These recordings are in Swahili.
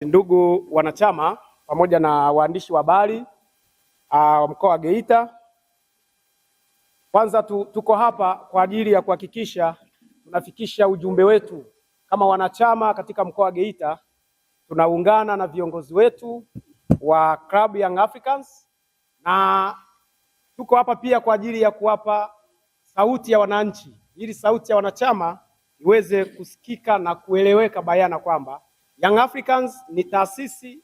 Ndugu wanachama pamoja na waandishi wa habari ah, wa mkoa wa Geita, kwanza tu, tuko hapa kwa ajili ya kuhakikisha tunafikisha ujumbe wetu kama wanachama katika mkoa wa Geita. Tunaungana na viongozi wetu wa Club Young Africans na tuko hapa pia kwa ajili ya kuwapa sauti ya wananchi, ili sauti ya wanachama iweze kusikika na kueleweka bayana kwamba Young Africans ni taasisi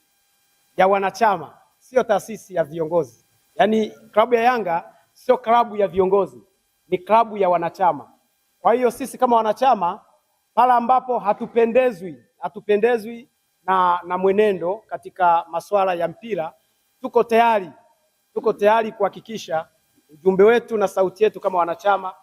ya wanachama, sio taasisi ya viongozi. Yaani klabu ya Yanga sio klabu ya viongozi, ni klabu ya wanachama. Kwa hiyo sisi kama wanachama, pale ambapo hatupendezwi hatupendezwi na, na mwenendo katika masuala ya mpira, tuko tayari tuko tayari kuhakikisha ujumbe wetu na sauti yetu kama wanachama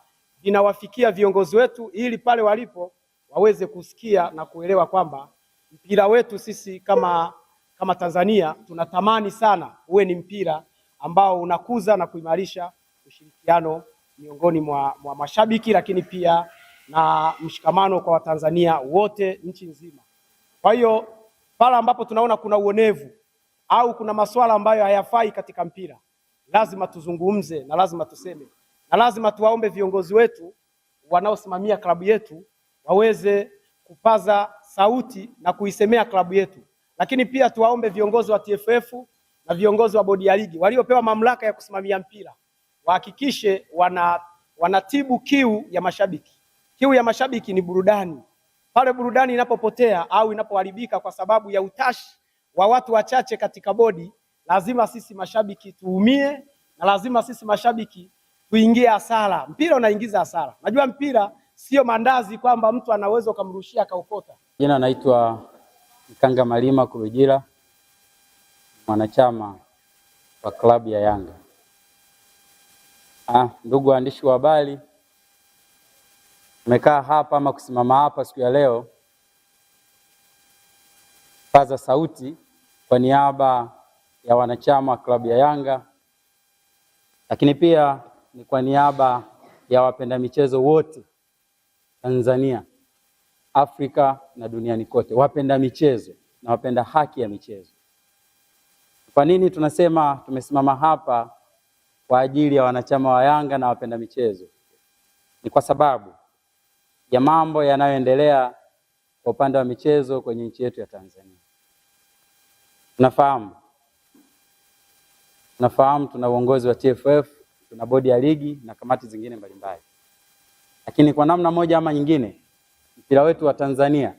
vinawafikia viongozi wetu ili pale walipo waweze kusikia na kuelewa kwamba mpira wetu sisi kama, kama Tanzania tunatamani sana uwe ni mpira ambao unakuza na kuimarisha ushirikiano miongoni mwa, mwa mashabiki lakini pia na mshikamano kwa Watanzania wote nchi nzima. Kwa hiyo pale ambapo tunaona kuna uonevu au kuna masuala ambayo hayafai katika mpira, lazima tuzungumze na lazima tuseme na lazima tuwaombe viongozi wetu wanaosimamia klabu yetu waweze kupaza sauti na kuisemea klabu yetu, lakini pia tuwaombe viongozi wa TFF na viongozi wa bodi ya ligi waliopewa mamlaka ya kusimamia mpira wahakikishe wana wanatibu kiu ya mashabiki. Kiu ya mashabiki ni burudani. Pale burudani inapopotea au inapoharibika kwa sababu ya utashi wa watu wachache katika bodi, lazima sisi mashabiki tuumie na lazima sisi mashabiki tuingie hasara. Mpira unaingiza hasara. Najua mpira sio mandazi kwamba mtu anaweza ukamrushia akaokota. Jina naitwa Mkanga Malima kurujila mwanachama wa klabu ya Yanga. Ah, ndugu waandishi wa habari, tumekaa hapa ama kusimama hapa siku ya leo paza sauti kwa niaba ya wanachama wa klabu ya Yanga, lakini pia ni kwa niaba ya wapenda michezo wote Tanzania, Afrika na duniani kote, wapenda michezo na wapenda haki ya michezo. Kwa nini tunasema tumesimama hapa kwa ajili ya wanachama wa Yanga na wapenda michezo? Ni kwa sababu ya mambo yanayoendelea kwa upande wa michezo kwenye nchi yetu ya Tanzania. Tunafahamu, tunafahamu tuna uongozi wa TFF, tuna bodi ya ligi na kamati zingine mbalimbali. Lakini kwa namna moja ama nyingine mpira wetu wa Tanzania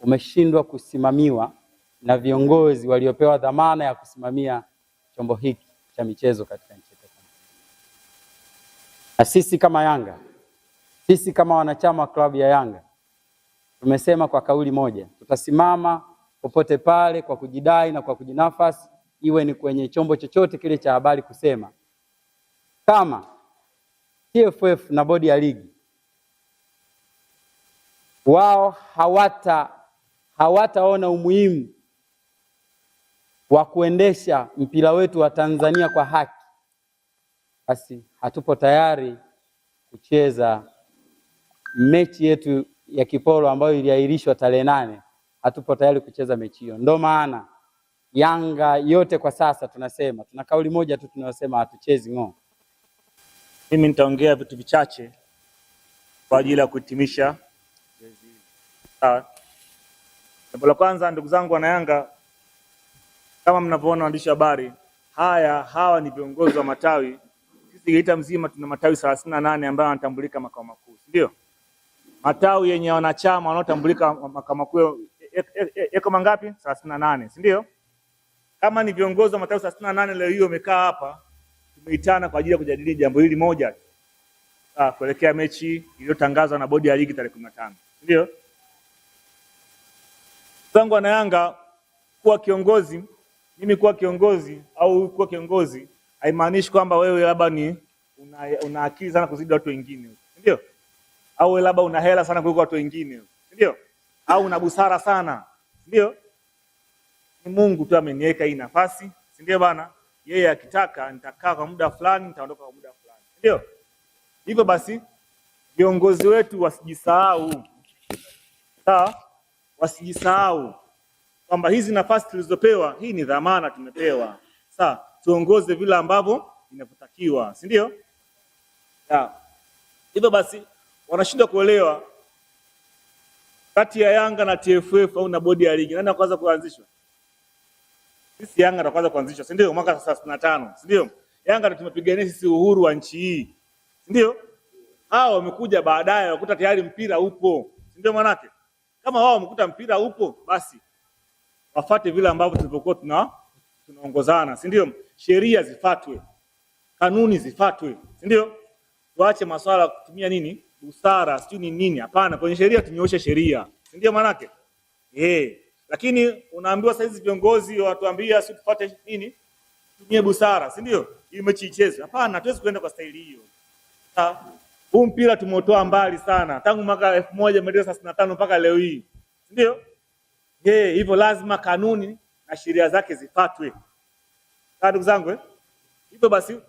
umeshindwa kusimamiwa na viongozi waliopewa dhamana ya kusimamia chombo hiki cha michezo katika nchi yetu. Na sisi kama Yanga, sisi kama wanachama wa klabu ya Yanga tumesema kwa kauli moja, tutasimama popote pale kwa kujidai na kwa kujinafasi, iwe ni kwenye chombo chochote kile cha habari, kusema kama TFF na bodi ya ligi wao hawata hawataona umuhimu wa kuendesha mpira wetu wa Tanzania kwa haki, basi hatupo tayari kucheza mechi yetu ya kipolo ambayo iliahirishwa tarehe nane. Hatupo tayari kucheza mechi hiyo. Ndio maana Yanga yote kwa sasa tunasema, tuna kauli moja tu tunayosema, hatuchezi ngo Mimi nitaongea vitu vichache kwa ajili ya kuhitimisha Sawa. Jambo la kwanza, ndugu zangu Yanga, kama mnavyoona waandishi habari, haya hawa ni viongozi wa matawi. Sisi Geita mzima tuna matawi 38 ambayo yanatambulika makao makuu, ndio? Matawi yenye wanachama wanaotambulika makao makuu yako e, e, e, mangapi? 38, si ndio? Kama ni viongozi wa matawi 38 leo hiyo wamekaa hapa, tumeitana kwa ajili ya kujadili jambo hili moja, ah, kuelekea mechi iliyotangazwa na bodi ya ligi tarehe 15, ndio? zangu wana Yanga, kuwa kiongozi, mimi kuwa kiongozi au kuwa kiongozi haimaanishi kwamba wewe labda ni una, una akili sana kuzidi watu wengine, ndio? Au labda una hela sana kuliko watu wengine, ndio? Au una busara sana, ndio? Ni Mungu tu ameniweka hii nafasi, si ndio bana? Yeye akitaka nitakaa kwa muda fulani, nitaondoka kwa muda fulani, ndio? Hivyo basi viongozi wetu wasijisahau, sawa? wasijisahau kwamba hizi nafasi tulizopewa, hii ni dhamana tumepewa. Sasa tuongoze vile ambavyo inavyotakiwa, si ndio? Hivyo basi wanashindwa kuelewa kati ya Yanga na TFF au na bodi ya ligi, nani anakwanza kuanzishwa? Sisi Yanga tunakwanza kuanzishwa, si ndio? Mwaka thelathini na tano, si ndio? Yanga ndo tumepigania sisi uhuru wa nchi hii, si ndio? Hao wamekuja baadaye, wakuta tayari mpira upo, si ndio? Mwanake kama wao wamekuta mpira upo, basi wafate vile ambavyo tulivyokuwa tuna tunaongozana, si ndio? Sheria zifatwe, kanuni zifatwe, si ndio? Tuache masuala ya kutumia nini busara, sijui ni nini. Hapana, kwenye sheria tunyooshe sheria, si ndio? Maana yake eh. Lakini unaambiwa saizi viongozi watuambia si tupate nini, tumie busara, si ndio? Hii mechi ichezwe. Hapana, hatuwezi kwenda kwa staili hiyo. Huu mpira tumeotoa mbali sana tangu mwaka elfu moja mia tisa thelathini na tano mpaka leo hii, sindio? hivyo lazima kanuni na sheria zake zifatwe ah, ndugu zangu eh? Hivyo basi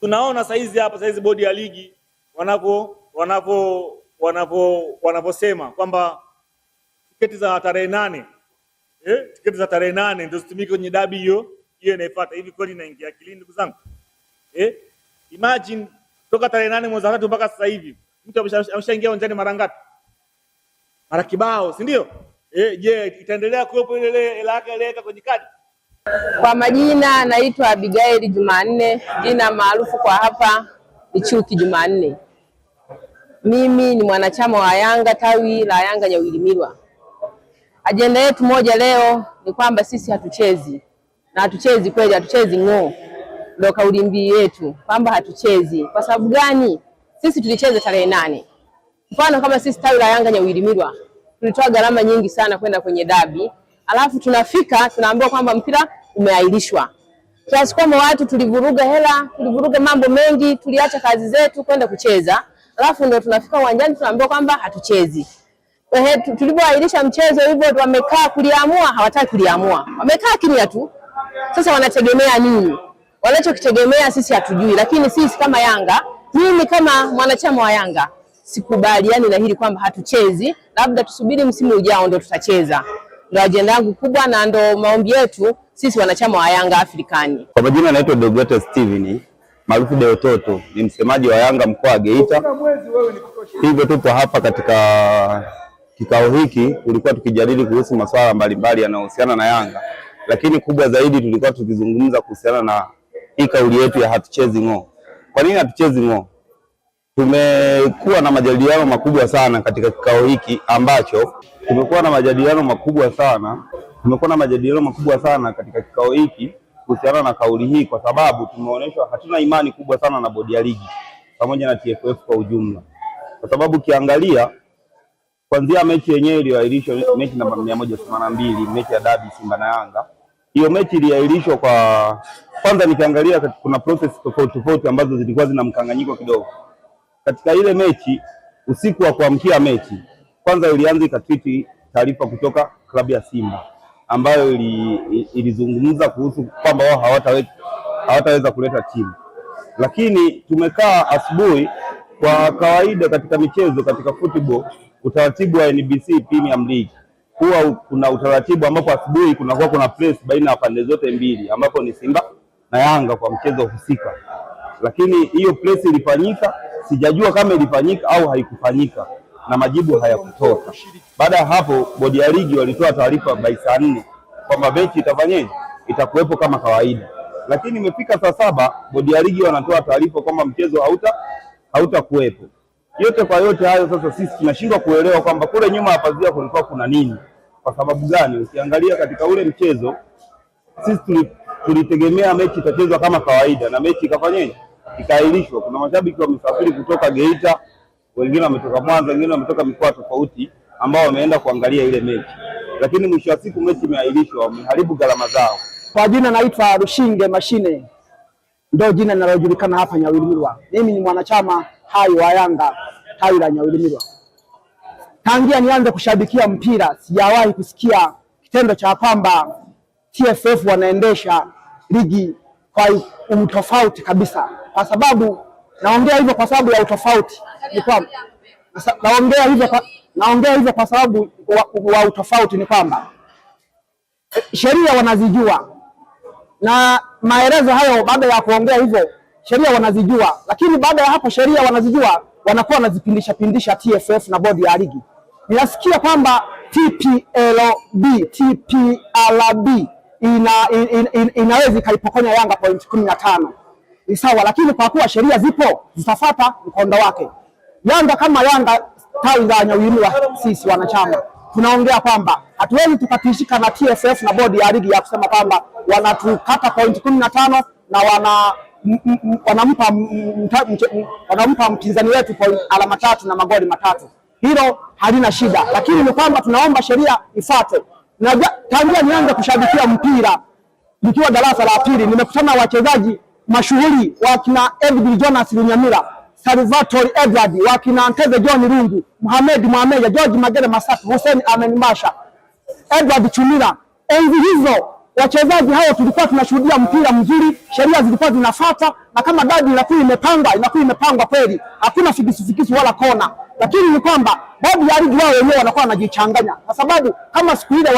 tunaona saizi hapa saizi bodi ya ligi wanavyo wanavyo wanavyo wanavyosema kwamba tiketi za tarehe nane eh, tiketi za tarehe nane ndio zitumike kwenye dabi hiyo hiyo inayofuata. Hivi kweli inaingia akilini ndugu zangu eh? Imagine toka tarehe nane mwezi wa tatu mpaka sasa hivi mtu ameshaingia uwanjani mara ngapi? Mara kibao, si ndio? Eh, je, itaendelea kuwepo ile hela yake ile kwenye kadi? Kwa majina naitwa Abigail Jumanne, jina maarufu kwa hapa ni Chuki Jumanne. Mimi ni mwanachama wa Yanga tawi la Yanga Nyawilimilwa. Ajenda yetu moja leo ni kwamba sisi hatuchezi na hatuchezi kweli, hatuchezi ng'oo ndio kauli mbiu yetu kwamba hatuchezi. Kwa sababu gani? Sisi tulicheza tarehe nane. Mfano kama sisi tawi la Yanga Nyawilimilwa tulitoa gharama nyingi sana kwenda kwenye dabi, alafu tunafika tunaambiwa kwamba mpira umeahirishwa, kiasi kwamba watu tulivuruga hela, tulivuruga mambo mengi, tuliacha kazi zetu kwenda kucheza, alafu ndio tunafika uwanjani tunaambiwa kwamba hatuchezi. Tulipoahirisha mchezo hivyo, wamekaa kuliamua, hawataki kuliamua, wamekaa kimya tu. Sasa wanategemea nini? wanachokitegemea sisi hatujui, lakini sisi kama Yanga, mimi kama mwanachama wa Yanga sikubaliani na hili kwamba hatuchezi, labda tusubiri msimu ujao ndo tutacheza. ndo ajenda yangu kubwa na ndo maombi yetu sisi wanachama wa Yanga Afrikani. Kwa majina anaitwa Dogota Steven maarufu Deototo, ni msemaji wa Yanga mkoa wa Geita. Hivyo tupo hapa katika kikao hiki, tulikuwa tukijadili kuhusu masuala mbalimbali yanayohusiana na Yanga, lakini kubwa zaidi tulikuwa tukizungumza kuhusiana na hii kauli yetu ya hatuchezi ng'o. Kwa nini hatuchezi ng'o? Tumekuwa na majadiliano makubwa sana katika kikao hiki ambacho tumekuwa na majadiliano makubwa sana tumekuwa na majadiliano makubwa sana katika kikao hiki kuhusiana na kauli hii, kwa sababu tumeonyeshwa hatuna imani kubwa sana na bodi ya ligi pamoja na TFF kwa ujumla, kwa sababu ukiangalia kuanzia mechi yenyewe iliyoahirishwa, mechi namba mia moja themanini na mbili mechi ya dabi Simba na Yanga hiyo mechi iliahirishwa kwa kwanza, nikiangalia kuna process tofauti tofauti ambazo zilikuwa zina mkanganyiko kidogo katika ile mechi. Usiku wa kuamkia mechi kwanza, ilianza ikatwiti taarifa kutoka klabu ya Simba ambayo ilizungumza kuhusu kwamba wao hawataweza hawataweza kuleta timu, lakini tumekaa asubuhi. Kwa kawaida katika michezo, katika football, utaratibu wa NBC Premier league huwa kuna utaratibu ambapo asubuhi kunakuwa kuna press baina ya pande zote mbili, ambapo ni Simba na Yanga kwa mchezo husika. Lakini hiyo press ilifanyika, sijajua kama ilifanyika au haikufanyika, na majibu hayakutoka. Baada ya hapo, bodi ya ligi walitoa taarifa bai saa nne kwamba mechi itafanyeje, itakuwepo kama kawaida. Lakini imefika saa saba, bodi ya ligi wanatoa taarifa kwamba mchezo hauta hautakuwepo. Yote kwa yote hayo sasa sisi tunashindwa kuelewa kwamba kule nyuma ya pazia kulikuwa kuna nini, kwa sababu gani? Ukiangalia katika ule mchezo sisi tulitegemea mechi itachezwa kama kawaida na mechi ikafanyeje? Ikaahirishwa. Kuna mashabiki wamesafiri kutoka Geita, wengine wametoka Mwanza, wengine wametoka mikoa tofauti, ambao wameenda kuangalia ile mechi, lakini mwisho wa siku mechi imeahirishwa, wameharibu gharama zao. Kwa jina naitwa Rushinge Mashine, ndio jina linalojulikana hapa Nyawilimilwa. Mimi ni mwanachama hai wa Yanga la Nyawilimirwa. Tangia nianze kushabikia mpira sijawahi kusikia kitendo cha kwamba TFF wanaendesha ligi kwa utofauti kabisa. Kwa sababu naongea hivyo kwa sababu ya utofauti, ni kwamba naongea hivyo kwa, naongea hivyo kwa sababu wa, wa utofauti ni kwamba sheria wanazijua na maelezo hayo, baada ya kuongea hivyo sheria wanazijua, lakini baada ya hapo sheria wanazijua wanakuwa wanazipindisha pindisha TFF na bodi ya ligi. Ninasikia kwamba TPLB, TPLB ina, in, in, in, inaweza ikaipokonya Yanga point kumi na tano ni sawa, lakini kwa kuwa sheria zipo zitafuata mkondo wake. Yanga kama Yanga tawi za Nyawiliwa, sisi wanachama tunaongea kwamba hatuwezi tukatishika na TFF na bodi ya ligi ya kusema kwamba wanatukata point kumi na tano na wana wanampa wanampa mpinzani wetu point alama tatu na magoli matatu, hilo halina shida, lakini ni kwamba tunaomba sheria ifuate. Na tangia nianze kushabikia mpira nikiwa darasa la pili, nimekutana na wachezaji mashuhuri wakina Edwin Jonas Lunyamira, Salvatore Edward, wakina Nteze John Lungu, Mohamed Mohamed, George Magere Masatu, Hussein Amen Edward Chumira, enzi hizo wachezaji hao tulikuwa tunashuhudia mpira mzuri, sheria zilikuwa zinafuata, na kama dabi inakuwa imepangwa inakuwa imepangwa kweli, hakuna fikisufikisu wala kona. Lakini ni kwamba bodi ya ligi wao wenyewe wanakuwa wanajichanganya, kwa sababu kama siku ile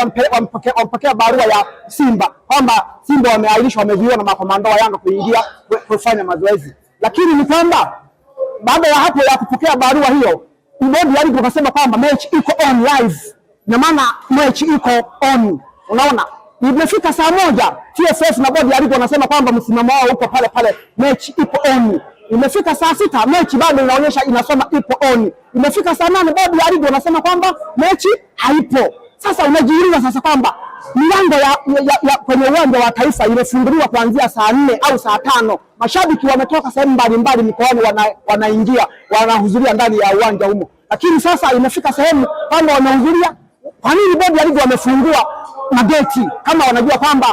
wampokea barua ya Simba kwamba Simba wameahirishwa, wamezuiwa na makomando wa Yanga kuingia kufanya mazoezi, lakini ni kwamba baada ya hapo ya kupokea barua hiyo, bodi ya ligi wakasema kwamba mechi iko on live, na maana mechi iko on, unaona Imefika saa moja, TFF na bodi ya ligi wanasema kwamba msimamo wao upo pale pale, mechi ipo oni. Imefika saa sita, mechi bado inaonyesha inasoma ipo oni. Imefika saa nane, bodi ya ligi wanasema kwamba mechi haipo. Sasa unajiuliza sasa kwamba milango ya, ya, ya, ya kwenye uwanja wa Taifa imefunguliwa kuanzia saa nne au saa tano. Mashabiki wametoka sehemu mbalimbali mikoani, wanaingia wana wanahudhuria ndani ya uwanja humo, lakini sasa imefika sehemu kwamba wanahudhuria. Kwa nini bodi ya ligi wamefungua mageti kama wanajua kwamba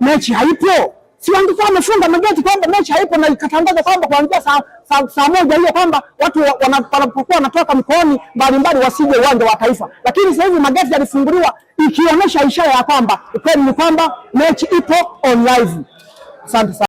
mechi haipo, si wangekuwa wamefunga mageti kwamba mechi haipo na ikatangaza kwamba kuanzia saa, sa, sa moja hiyo kwamba watu wanapokuwa wanatoka mkoani mbalimbali wasije uwanja wa Taifa, lakini sasa hivi mageti yalifunguliwa ikionyesha ishara ya kwamba ukweli ni kwamba mechi ipo on live. Asante sana.